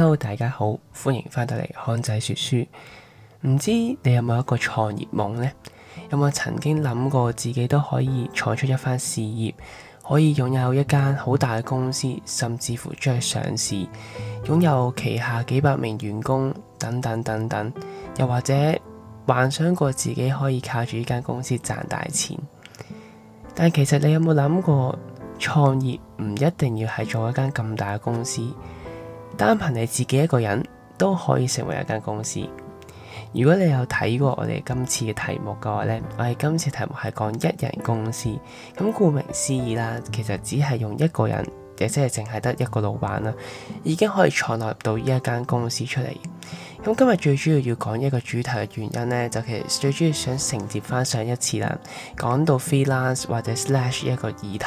hello，大家好，歡迎翻到嚟漢仔說書。唔知你有冇一個創業夢呢？有冇曾經諗過自己都可以創出一番事業，可以擁有一間好大嘅公司，甚至乎將去上市，擁有旗下幾百名員工等等等等？又或者幻想過自己可以靠住呢間公司賺大錢？但其實你有冇諗過，創業唔一定要係做一間咁大嘅公司？單憑你自己一個人都可以成為一間公司。如果你有睇過我哋今次嘅題目嘅話呢，我哋今次題目係講一人公司，咁，顧名思義啦，其實只係用一個人，亦即係淨係得一個老闆啦，已經可以創立到呢一間公司出嚟。咁今日最主要要講一個主題嘅原因呢，就其實最主要想承接翻上一次啦，講到 freelance 或者 slash 一個議題，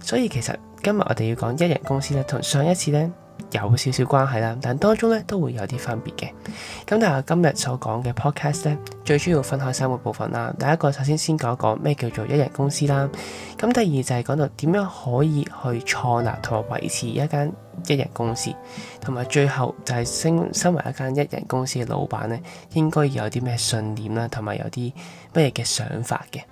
所以其實今日我哋要講一人公司咧，同上一次呢。有少少關係啦，但當中咧都會有啲分別嘅。咁，但係今日所講嘅 podcast 咧，最主要分開三個部分啦。第一個首先先講一講咩叫做一人公司啦。咁第二就係講到點樣可以去創立同埋維持一間一人公司，同埋最後就係身身為一間一人公司嘅老闆咧，應該要有啲咩信念啦，同埋有啲咩嘅想法嘅。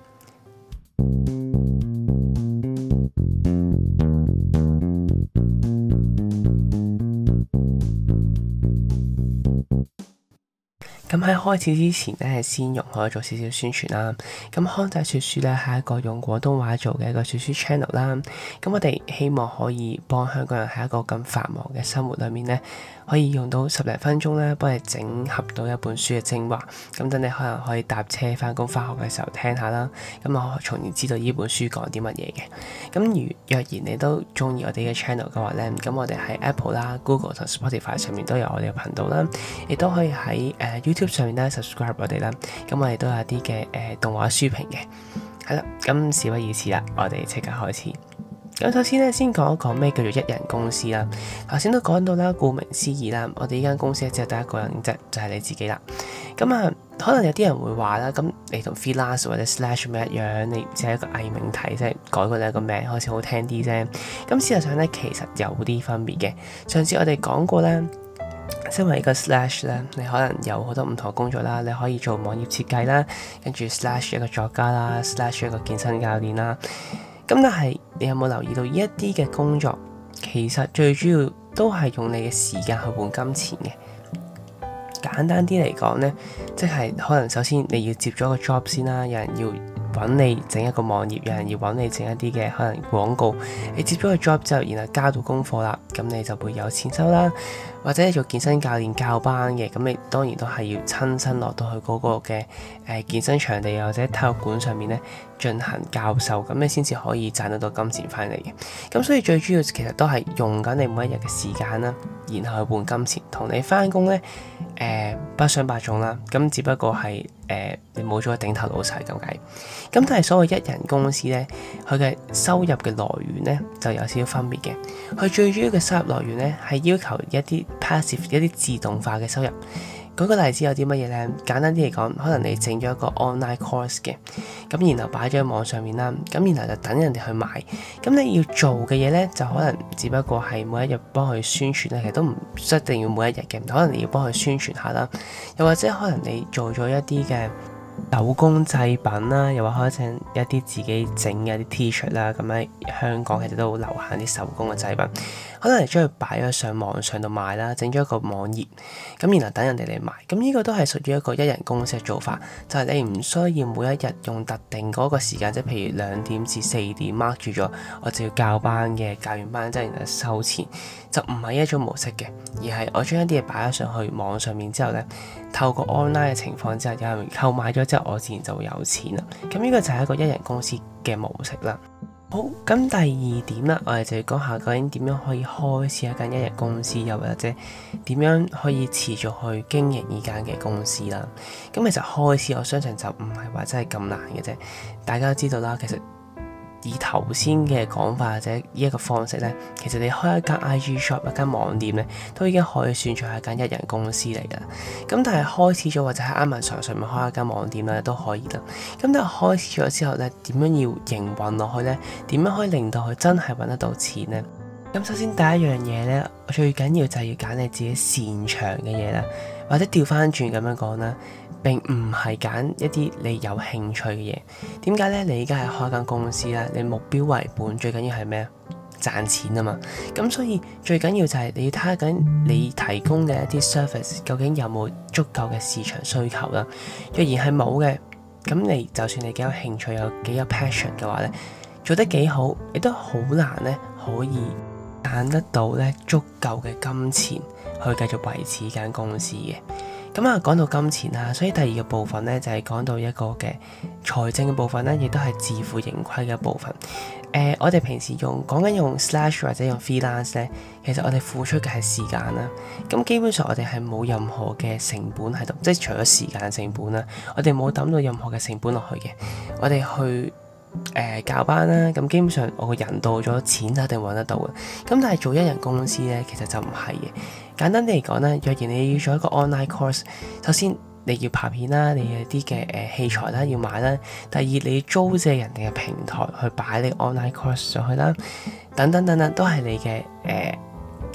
喺開始之前咧，先容許我做少少宣傳啦。咁康仔說書咧係一個用廣東話做嘅一個說書 channel 啦。咁我哋希望可以幫香港人喺一個咁繁忙嘅生活裏面咧，可以用到十零分鐘咧，幫你整合到一本書嘅精華。咁等你可能可以搭車翻工、翻學嘅時候聽下啦。咁我從而知道呢本書講啲乜嘢嘅。咁如若然你都中意我哋嘅 channel 嘅話咧，咁我哋喺 Apple 啦、Google 同 Spotify 上面都有我哋嘅頻道啦。亦都可以喺誒、呃、YouTube 上面咧 subscribe 我哋啦，咁我哋都有啲嘅誒動畫書評嘅，係啦，咁事不宜遲啦，我哋即刻開始。咁首先咧，先講一講咩叫做一人公司啦。頭先都講到啦，顧名思義啦，我哋呢間公司咧，只係得一個人啫，就係你自己啦。咁啊，可能有啲人會話啦，咁你同 f i l a s 或者 slash 唔一樣，你只係一個藝名即啫，改個你一個名好似好聽啲啫。咁事實上咧，其實有啲分別嘅。上次我哋講過咧。因為一個 slash 咧，你可能有好多唔同嘅工作啦，你可以做網頁設計啦，跟住 slash 一個作家啦，slash 一個健身教練啦。咁但係你有冇留意到呢一啲嘅工作，其實最主要都係用你嘅時間去換金錢嘅。簡單啲嚟講呢，即係可能首先你要接咗個 job 先啦，有人要。揾你整一個網頁，有人要揾你整一啲嘅可能廣告。你接咗個 job 之後，然後交到功課啦，咁你就會有錢收啦。或者做健身教練教班嘅，咁你當然都係要親身落到去嗰個嘅、呃、健身場地或者體育館上面呢。進行教授咁，你先至可以賺得到金錢翻嚟嘅。咁所以最主要其實都係用緊你每一日嘅時間啦，然後去換金錢。同你翻工咧，誒、呃、不相伯仲啦。咁只不過係誒、呃、你冇咗個頂頭老細咁解。咁但係所謂一人公司咧，佢嘅收入嘅來源咧就有少少分別嘅。佢最主要嘅收入來源咧係要求一啲 passive 一啲自動化嘅收入。舉個例子有啲乜嘢呢？簡單啲嚟講，可能你整咗一個 online course 嘅，咁然後擺咗喺網上面啦，咁然後就等人哋去買。咁你要做嘅嘢呢，就可能只不過係每一日幫佢宣傳啦，其實都唔一定要每一日嘅，可能你要幫佢宣傳下啦，又或者可能你做咗一啲嘅，手工製品啦，又或者一啲自己整嘅一啲 T 恤啦，咁喺香港其實都好流行啲手工嘅製品，可能係將佢擺咗上網上度賣啦，整咗一個網頁，咁然後等人哋嚟買，咁呢個都係屬於一個一人公司做法，就係你唔需要每一日用特定嗰個時間，即係譬如兩點至四點 mark 住咗，我就要教班嘅，教完班即係收錢。就唔係一種模式嘅，而係我將一啲嘢擺咗上去網上面之後呢，透過 online 嘅情況之下，有人購買咗之後，我自然就會有錢啦。咁呢個就係一個一人公司嘅模式啦。好，咁第二點啦，我哋就要講下究竟點樣可以開始一間一人公司又或者點樣可以持續去經營呢間嘅公司啦。咁其實開始我相信就唔係話真係咁難嘅啫。大家都知道啦，其實。以頭先嘅講法或者呢一個方式呢，其實你開一間 IG shop 一間網店呢，都已經可以算作係間一人公司嚟噶。咁但係開始咗或者喺 Amazon 上面開一間網店呢，都可以啦。咁但係開始咗之後呢，點樣要營運落去呢？點樣可以令到佢真係揾得到錢呢？咁首先第一樣嘢呢，最緊要就係要揀你自己擅長嘅嘢啦。或者調翻轉咁樣講啦，並唔係揀一啲你有興趣嘅嘢。點解咧？你而家係開間公司啦，你目標為本，最緊要係咩？賺錢啊嘛。咁所以最緊要就係你要睇下緊你提供嘅一啲 service，究竟有冇足夠嘅市場需求啦。若然係冇嘅，咁你就算你幾有興趣，有幾有 passion 嘅話咧，做得幾好，亦都好難咧可以揀得到咧足夠嘅金錢去繼續維持間公司嘅，咁啊講到金錢啦，所以第二個部分咧就係、是、講到一個嘅財政嘅部分咧，亦都係自負盈虧嘅部分。誒、呃，我哋平時用講緊用 slash 或者用 freelance 咧，其實我哋付出嘅係時間啦。咁、啊、基本上我哋係冇任何嘅成本喺度，即係除咗時間成本啦，我哋冇抌到任何嘅成本落去嘅，我哋去。誒、呃、教班啦、啊，咁基本上我個人到咗錢，一定揾得到嘅。咁但係做一人公司呢，其實就唔係嘅。簡單啲嚟講呢，若然你要做一個 online course，首先你要拍片啦，你有啲嘅誒器材啦要買啦，第二你要租借人哋嘅平台去擺你 online course 上去啦，等等等等，都係你嘅誒。呃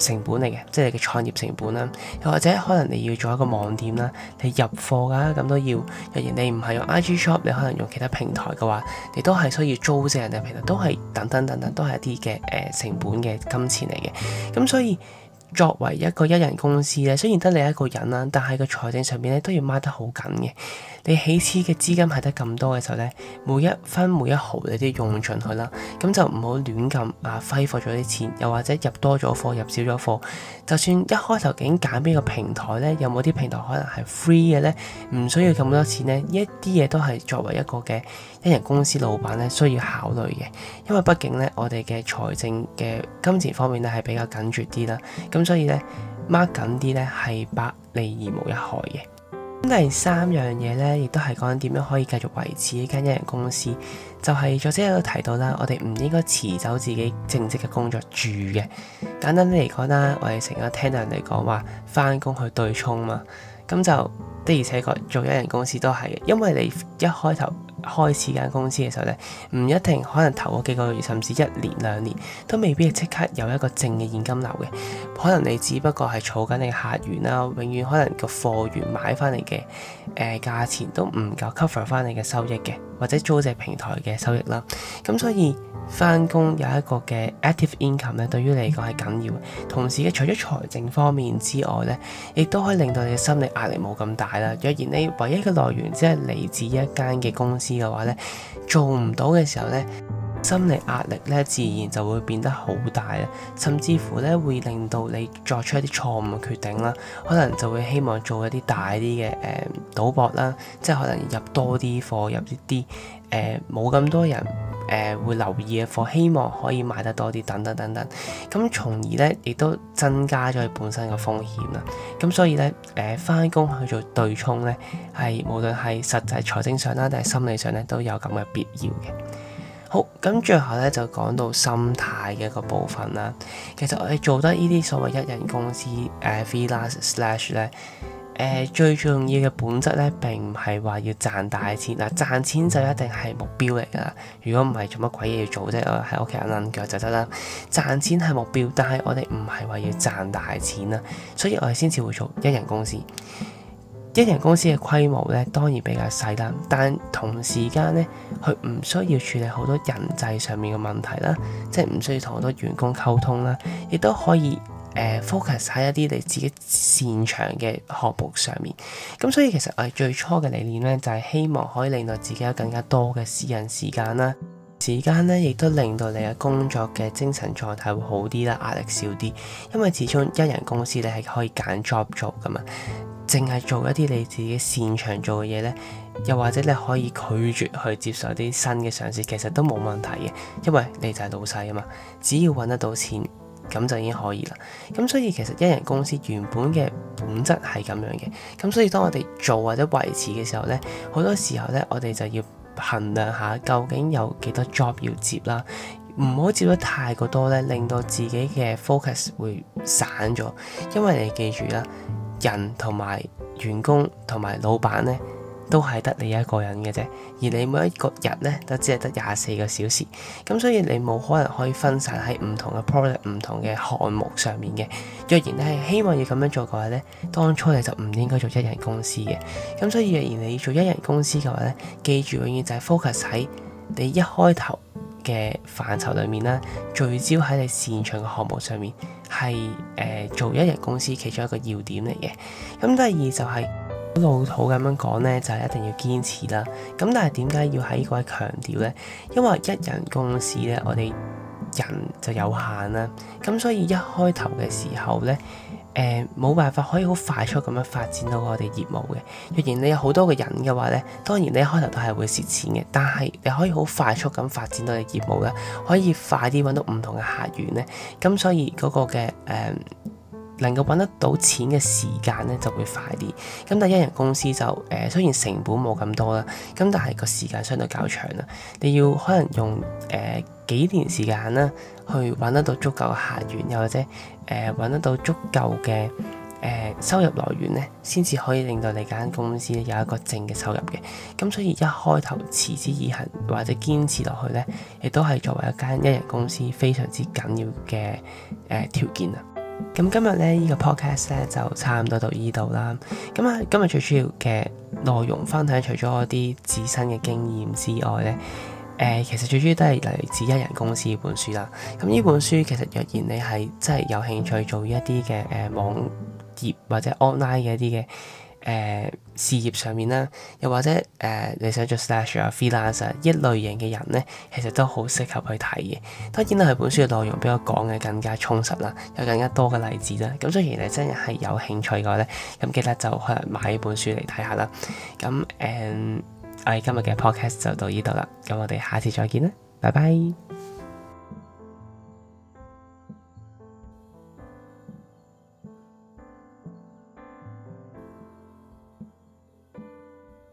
成本嚟嘅，即係你嘅創業成本啦，又或者可能你要做一個網店啦，你入貨噶，咁都要。既然你唔係用 IG Shop，你可能用其他平台嘅話，你都係需要租借人哋平台，都係等等等等，都係一啲嘅誒成本嘅金錢嚟嘅。咁所以作為一個一人公司咧，雖然得你一個人啦，但係個財政上面咧都要掹得好緊嘅。你起始嘅資金係得咁多嘅時候呢，每一分每一毫你都用盡去啦，咁就唔好亂咁啊，揮霍咗啲錢，又或者入多咗貨入少咗貨。就算一開頭究竟揀邊個平台呢，有冇啲平台可能係 free 嘅呢？唔需要咁多錢呢。呢一啲嘢都係作為一個嘅一人公司老闆呢，需要考慮嘅，因為畢竟呢，我哋嘅財政嘅金錢方面呢係比較緊絀啲啦，咁所以呢掹緊啲呢係百利而無一害嘅。咁第三樣嘢咧，亦都係講緊點樣可以繼續維持呢間一人公司，就係作者喺度提到啦，我哋唔應該辭走自己正職嘅工作住嘅。簡單啲嚟講啦，我哋成日聽到人哋講話，翻工去對沖嘛，咁就的而且確做一人公司都係嘅，因為你一開頭。開始間公司嘅時候咧，唔一定可能頭嗰幾個月，甚至一年兩年都未必即刻有一個正嘅現金流嘅。可能你只不過係儲緊你客源啦，永遠可能個貨源買翻嚟嘅誒價錢都唔夠 cover 翻你嘅收益嘅。或者租借平台嘅收益啦，咁所以翻工有一個嘅 active income 咧，對於你嚟講係緊要。同時，嘅除咗財政方面之外咧，亦都可以令到你嘅心理壓力冇咁大啦。若然你唯一嘅來源即係嚟自一間嘅公司嘅話咧，做唔到嘅時候咧。心理壓力咧，自然就會變得好大啊，甚至乎咧會令到你作出一啲錯誤嘅決定啦，可能就會希望做一啲大啲嘅誒賭博啦，即係可能入多啲貨，入一啲誒冇咁多人誒、呃、會留意嘅貨，希望可以買得多啲等等等等，咁從而咧亦都增加咗本身嘅風險啦。咁所以咧誒翻工去做對沖咧，係無論係實際財政上啦，定係心理上咧，都有咁嘅必要嘅。好咁，最後咧就講到心態嘅一個部分啦。其實我哋做得呢啲所謂一人公司誒 freelance slash 咧誒，最重要嘅本質咧並唔係話要賺大錢啊。賺錢就一定係目標嚟㗎。如果唔係做乜鬼嘢要做啫，喺屋企攆腳就得啦。賺錢係目標，但係我哋唔係話要賺大錢啦，所以我哋先至會做一人公司。一人公司嘅規模咧當然比較細啦，但同時間咧佢唔需要處理好多人際上面嘅問題啦，即係唔需要同好多員工溝通啦，亦都可以誒 focus 喺一啲你自己擅長嘅項目上面。咁所以其實我哋最初嘅理念咧，就係希望可以令到自己有更加多嘅私人時間啦，時間咧亦都令到你嘅工作嘅精神狀態會好啲啦，壓力少啲，因為始終一人公司你係可以揀 job 做噶嘛。淨係做一啲你自己擅長做嘅嘢呢，又或者你可以拒絕去接受一啲新嘅嘗試，其實都冇問題嘅，因為你就係老細啊嘛，只要揾得到錢咁就已經可以啦。咁所以其實一人公司原本嘅本質係咁樣嘅。咁所以當我哋做或者維持嘅時候呢，好多時候呢，我哋就要衡量下究竟有幾多 job 要接啦，唔好接得太過多呢，令到自己嘅 focus 會散咗，因為你記住啦。人同埋員工同埋老闆呢，都係得你一個人嘅啫。而你每一個日咧，都只係得廿四個小時。咁所以你冇可能可以分散喺唔同嘅 project、唔同嘅項目上面嘅。若然你係希望要咁樣做嘅話呢，當初你就唔應該做一人公司嘅。咁所以若然你要做一人公司嘅話呢，記住永遠就係 focus 喺你一開頭嘅範疇裡面啦，聚焦喺你擅長嘅項目上面。係誒、呃、做一人公司其中一個要點嚟嘅。咁、嗯、第二就係、是、老土咁樣講呢，就係、是、一定要堅持啦。咁、嗯、但係點解要喺呢個位強調呢？因為一人公司呢，我哋人就有限啦，咁所以一開頭嘅時候呢，誒、呃、冇辦法可以好快速咁樣發展到我哋業務嘅。若然你有好多個人嘅話呢，當然你一開頭都係會蝕錢嘅。但係你可以好快速咁發展到你業務啦，可以快啲揾到唔同嘅客源呢。咁所以嗰個嘅誒、呃、能夠揾得到錢嘅時間呢，就會快啲。咁但一人公司就誒、呃、雖然成本冇咁多啦，咁但係個時間相對較長啦，你要可能用誒、呃幾年時間啦，去揾得到足夠嘅客源，又或者誒揾、呃、得到足夠嘅誒收入來源咧，先至可以令到你間公司有一個正嘅收入嘅。咁、嗯、所以一開頭持之以恆或者堅持落去呢亦都係作為一間一人公司非常之緊要嘅誒條件啊。咁、嗯、今日咧呢、呢個 podcast 咧就差唔多到呢度啦。咁、嗯、啊，今日最主要嘅內容分享，除咗我啲自身嘅經驗之外咧。誒，其實最主要都係嚟自《一人公司》呢本書啦。咁呢本書其實若然你係真係有興趣做一啲嘅誒網頁或者 online 嘅一啲嘅誒事業上面啦，又或者誒、呃、你想做 start up 啊、freelancer 一類型嘅人咧，其實都好適合去睇嘅。當然啦，係本書嘅內容比我講嘅更加充實啦，有更加多嘅例子啦。咁雖然你真係有興趣嘅話咧，咁記得就去買本書嚟睇下啦。咁誒。嗯我哋今日嘅 podcast 就到呢度啦，咁我哋下次再見啦，拜拜。